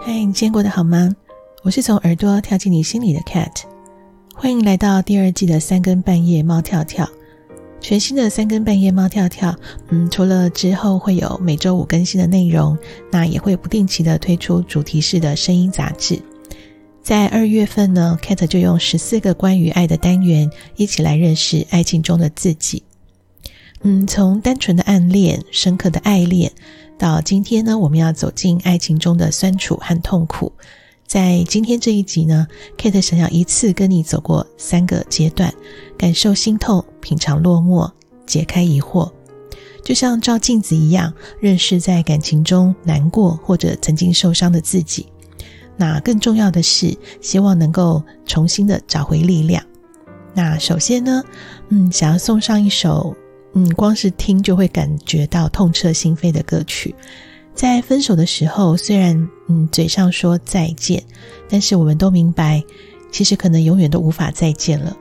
嗨，Hi, 你今天過得好嗎？我是從耳朵跳進你心裡的 Kate，歡迎來到第二季的三更半夜貓跳跳，全新的三更半夜貓跳跳。嗯，除了之後會有每周五更新的內容，那也會不定期的推出主題式的聲音雜誌。在二月份呢，Kate 就用十四個關於愛的單元，一起來認識愛情中的自己。嗯，從單純的暗戀、深刻的愛戀，到今天呢，我們要走進愛情中的酸楚和痛苦。在今天這一集呢，Kate 想要一次跟你走過三個階段，感受心痛，品嘗落寞，解開疑惑，就像照鏡子一樣，認識在感情中難過或者曾經受傷的自己。那更重要的是，希望能夠重新的找回力量。那首先呢，嗯，想要送上一首。嗯，光是聽就會感覺到痛徹心扉的歌曲。在分手的時候，雖然嗯嘴上說再見，但是我們都明白，其實可能永遠都無法再見了。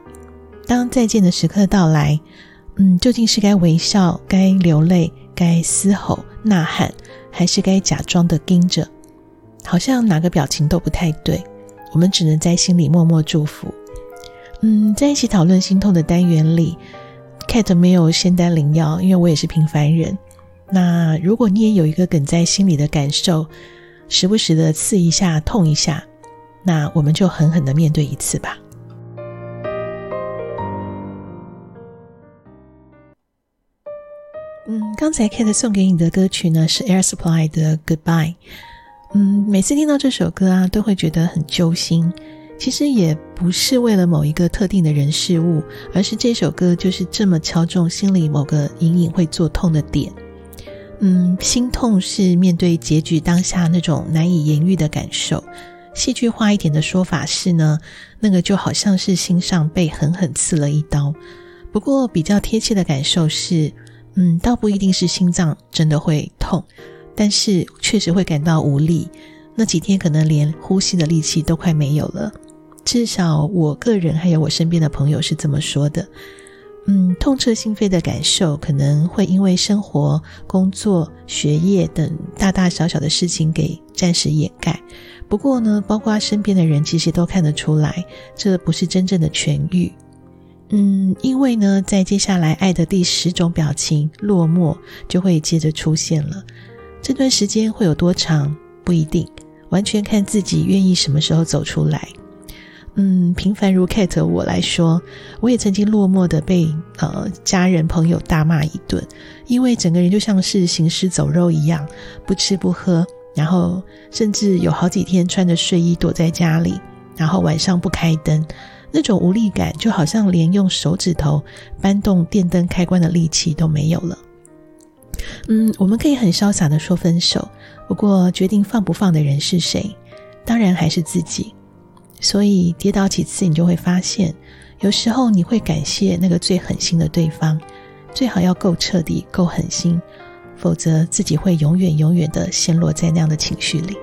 當再見的時刻到來，嗯，究竟是該微笑、該流淚、該嘶吼吶喊，還是該假裝的盯着？好像哪個表情都不太對，我們只能在心裡默默祝福。嗯，在一起討論心痛的單元裡。Kate 沒有仙丹靈藥，因為我也是平凡人。那如果你也有一個梗在心裡的感受，時不時的刺一下、痛一下，那我們就狠狠的面對一次吧。嗯，剛才 Kate 送給你的歌曲呢，是 Air Supply 的 Goodbye。嗯，每次聽到這首歌啊，都會覺得很揪心。其實也不是為了某一個特定的人事物，而是這首歌就是這麼敲中心裡某個隱隱會作痛的點。嗯，心痛是面對結局當下那種難以言喻的感受。戲劇化一點的說法是呢，那個就好像是心上被狠狠刺了一刀。不過比較貼切的感受是，嗯，倒不一定是心臟真的會痛，但是確實會感到無力。那幾天可能連呼吸的力氣都快沒有了。至少我個人還有我身邊的朋友是這麼說的，嗯，痛徹心扉的感受可能會因為生活、工作、學業等大大小小的事情給暫時掩蓋。不過呢，包括身邊的人其實都看得出來，這不是真正的痊癒。嗯，因為呢，在接下來愛的第十種表情——落寞，就會接着出現了。這段時間會有多長？不一定，完全看自己願意什麼時候走出來。嗯，平凡如 Kate 我來說，我也曾經落寞的被呃家人朋友大罵一頓，因為整個人就像是行屍走肉一樣，不吃不喝，然後甚至有好幾天穿着睡衣躲在家裡，然後晚上不開燈，那種無力感就好像連用手指頭搬動電燈開關的力氣都沒有了。嗯，我們可以很瀟灑的說分手，不過決定放不放的人是誰？當然還是自己。所以跌倒幾次，你就會發現，有時候你會感謝那個最狠心的對方，最好要夠徹底、夠狠心，否則自己會永遠、永遠的陷落在那樣的情緒裡。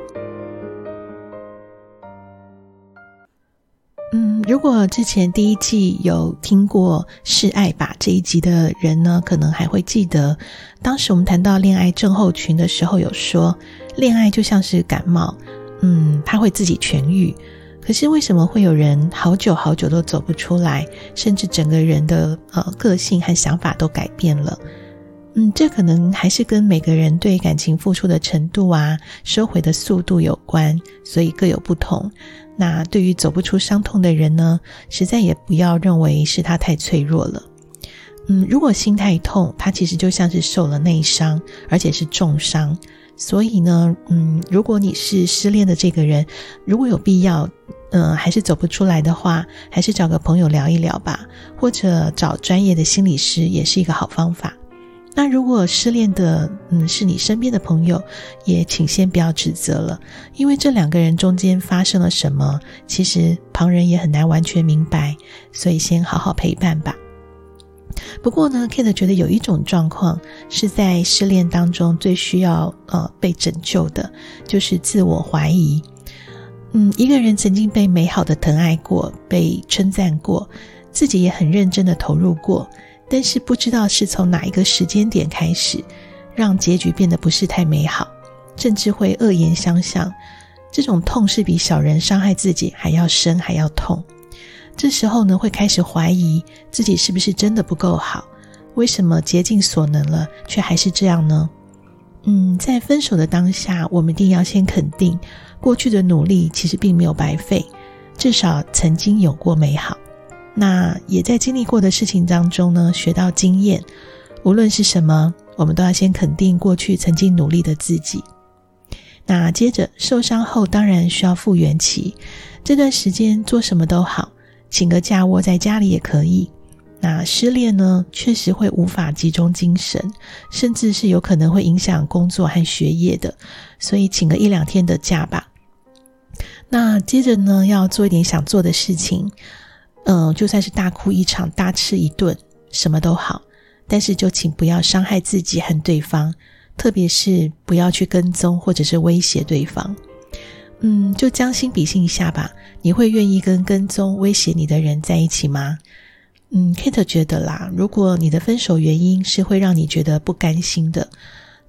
嗯，如果之前第一季有聽過示愛吧這一集的人呢，可能還會記得，當時我們談到戀愛症候群的時候，有說戀愛就像是感冒，嗯，它會自己痊癒。可是為什麼會有人好久好久都走不出來，甚至整個人的呃個性和想法都改變了？嗯，這可能還是跟每個人對感情付出的程度啊、收回的速度有關，所以各有不同。那對於走不出傷痛的人呢，實在也不要認為是他太脆弱了。嗯，如果心太痛，他其實就像是受了內傷，而且是重傷。所以呢，嗯，如果你是失戀的這個人，如果有必要，嗯，還是走不出來的話，還是找個朋友聊一聊吧，或者找專業的心理師也是一個好方法。那如果失戀的，嗯，是你身邊的朋友，也請先不要指責了，因為這兩個人中間發生了什麼，其實旁人也很難完全明白，所以先好好陪伴吧。不過呢，Kate 覺得有一種狀況是在失戀當中最需要，呃，被拯救的，就是自我懷疑。嗯，一個人曾經被美好的疼愛過，被稱讚過，自己也很認真的投入過，但是不知道是從哪一個時間點開始，讓結局變得不是太美好，甚至會惡言相向。這種痛是比小人傷害自己還要深，還要痛。這時候呢，會開始懷疑自己是不是真的不夠好，為什麼竭盡所能了，卻還是這樣呢？嗯，在分手的當下，我們一定要先肯定。過去的努力其實並沒有白費，至少曾經有過美好。那也在經歷過的事情當中呢，學到經驗。無論是什麼，我們都要先肯定過去曾經努力的自己。那接着受傷後，當然需要復原期，這段時間做什麼都好，請個假窩在家裡也可以。那失戀呢，確實會無法集中精神，甚至是有可能會影響工作和學業的，所以請個一兩天的假吧。那接着呢，要做一點想做的事情，嗯、呃，就算是大哭一場、大吃一頓，什麼都好，但是就請不要傷害自己和對方，特別是不要去跟蹤或者是威脅對方。嗯，就將心比心一下吧，你會願意跟跟蹤、威脅你的人在一起嗎？嗯，Kate 覺得啦，如果你的分手原因是會讓你覺得不甘心的，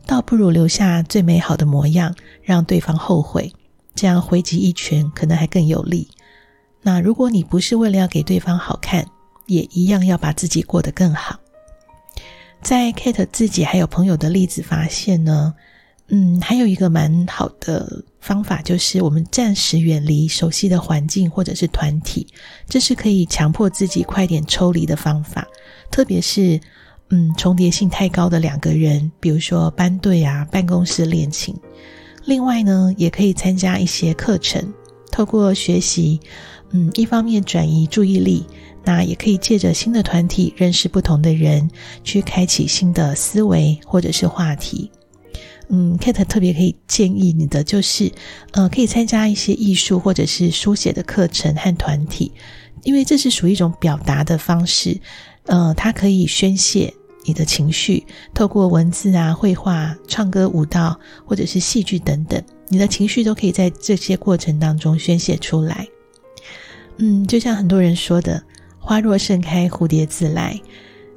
倒不如留下最美好的模樣，讓對方後悔。這樣回擊一拳可能還更有利。那如果你不是為了要給對方好看，也一樣要把自己過得更好。在 Kate 自己還有朋友的例子發現呢，嗯，還有一個蠻好的方法就是，我們暫時遠離熟悉的環境或者是團體，這是可以強迫自己快點抽離的方法。特別是，嗯，重疊性太高的兩個人，比如說班對啊、辦公室戀情。另外呢，也可以參加一些課程，透過學習，嗯，一方面轉移注意力，那也可以借着新的團體認識不同的人，去開啟新的思維或者是話題。嗯，Kate 特別可以建議你的就是，呃，可以參加一些藝術或者是書寫的課程和團體，因為這是屬於一種表達的方式，呃，它可以宣泄。你的情緒透過文字啊、繪畫、唱歌、舞蹈，或者是戲劇等等，你的情緒都可以在這些過程當中宣洩出來。嗯，就像很多人說的，“花若盛開，蝴蝶自來”。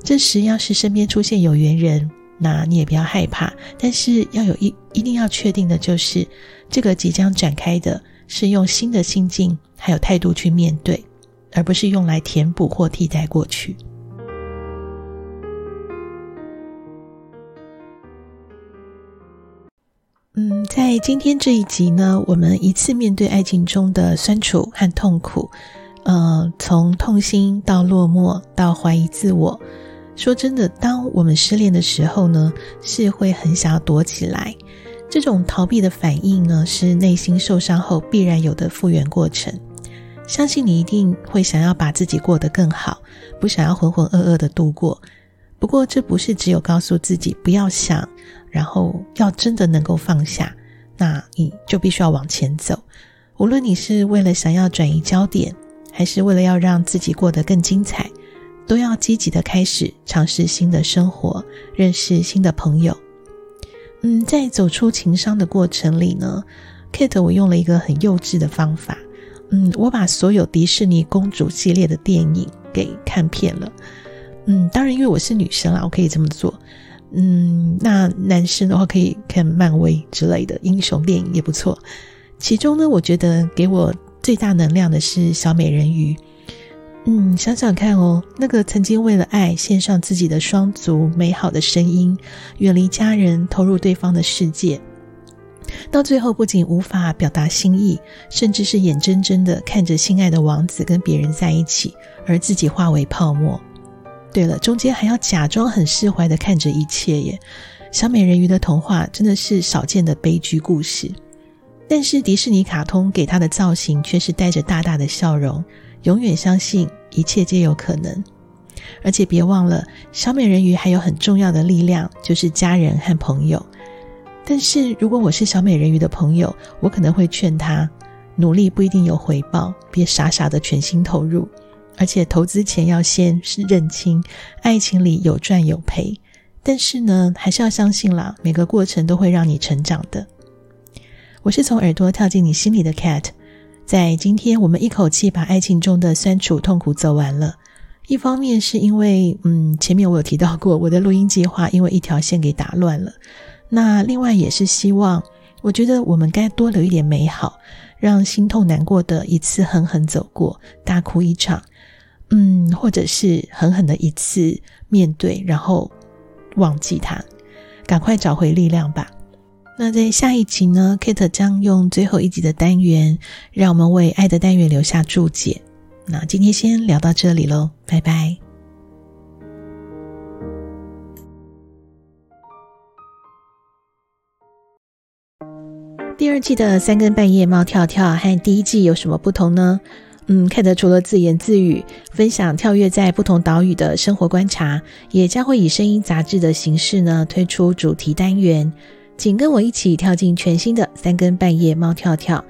這時要是身邊出現有緣人，那你也不要害怕，但是要有一一定要確定的就是，這個即將展開的是用新的心境還有態度去面對，而不是用來填補或替代過去。嗯，在今天這一集呢，我們一次面對愛情中的酸楚和痛苦，呃，從痛心到落寞，到懷疑自我。說真的，當我們失戀的時候呢，是會很想要躲起來。這種逃避的反應呢，是內心受傷後必然有的復原過程。相信你一定會想要把自己過得更好，不想要渾渾噩噩的度過。不過，這不是只有告訴自己不要想。然後要真的能夠放下，那你就必須要往前走。無論你是為了想要轉移焦點，還是為了要讓自己過得更精彩，都要積極的開始嘗試新的生活，認識新的朋友。嗯，在走出情傷的過程裡呢，Kate，我用了一個很幼稚的方法。嗯，我把所有迪士尼公主系列的電影給看遍了。嗯，當然，因為我是女生啦，我可以這麼做。嗯，那男生的話可以看漫威之類的英雄電影也不錯。其中呢，我覺得給我最大能量的是《小美人魚》。嗯，想想看哦，那個曾經為了愛獻上自己的雙足、美好的聲音，遠離家人，投入對方的世界，到最後不僅無法表達心意，甚至是眼睜睜地看着心愛的王子跟別人在一起，而自己化為泡沫。對了，中間還要假裝很釋懷的看着一切耶。小美人魚的童話真的是少見的悲劇故事，但是迪士尼卡通給她的造型卻是帶着大大的笑容，永遠相信一切皆有可能。而且別忘了，小美人魚還有很重要的力量，就是家人和朋友。但是如果我是小美人魚的朋友，我可能會勸她，努力不一定有回報，別傻傻的全心投入。而且投資前要先是認清，愛情裡有賺有賠，但是呢，還是要相信啦，每個過程都會讓你成長的。我是從耳朵跳進你心裡的 Kate，在今天我們一口氣把愛情中的酸楚、痛苦走完了。一方面是因為，嗯，前面我有提到過，我的錄音計劃因為一條線給打亂了。那另外也是希望，我覺得我們該多留一點美好，讓心痛難過的一次狠狠走過，大哭一場。嗯，或者是狠狠的一次面對，然後忘記他，趕快找回力量吧。那在下一集呢？Kate 將用最後一集的單元，讓我們為愛的單元留下注解。那今天先聊到這裡嘍，拜拜。第二季的三更半夜貓跳跳和第一季有什麼不同呢？嗯，Kate 除了自言自語、分享跳躍在不同島嶼的生活觀察，也將會以聲音雜誌的形式呢推出主題單元。請跟我一起跳進全新的三更半夜貓跳跳。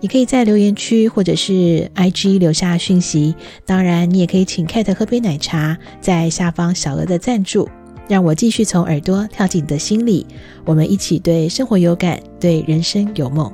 你可以在留言區或者是 IG 留下訊息。當然，你也可以請 Kate 喝杯奶茶，在下方小額的贊助，讓我繼續從耳朵跳進你的心裡。我們一起對生活有感，對人生有夢。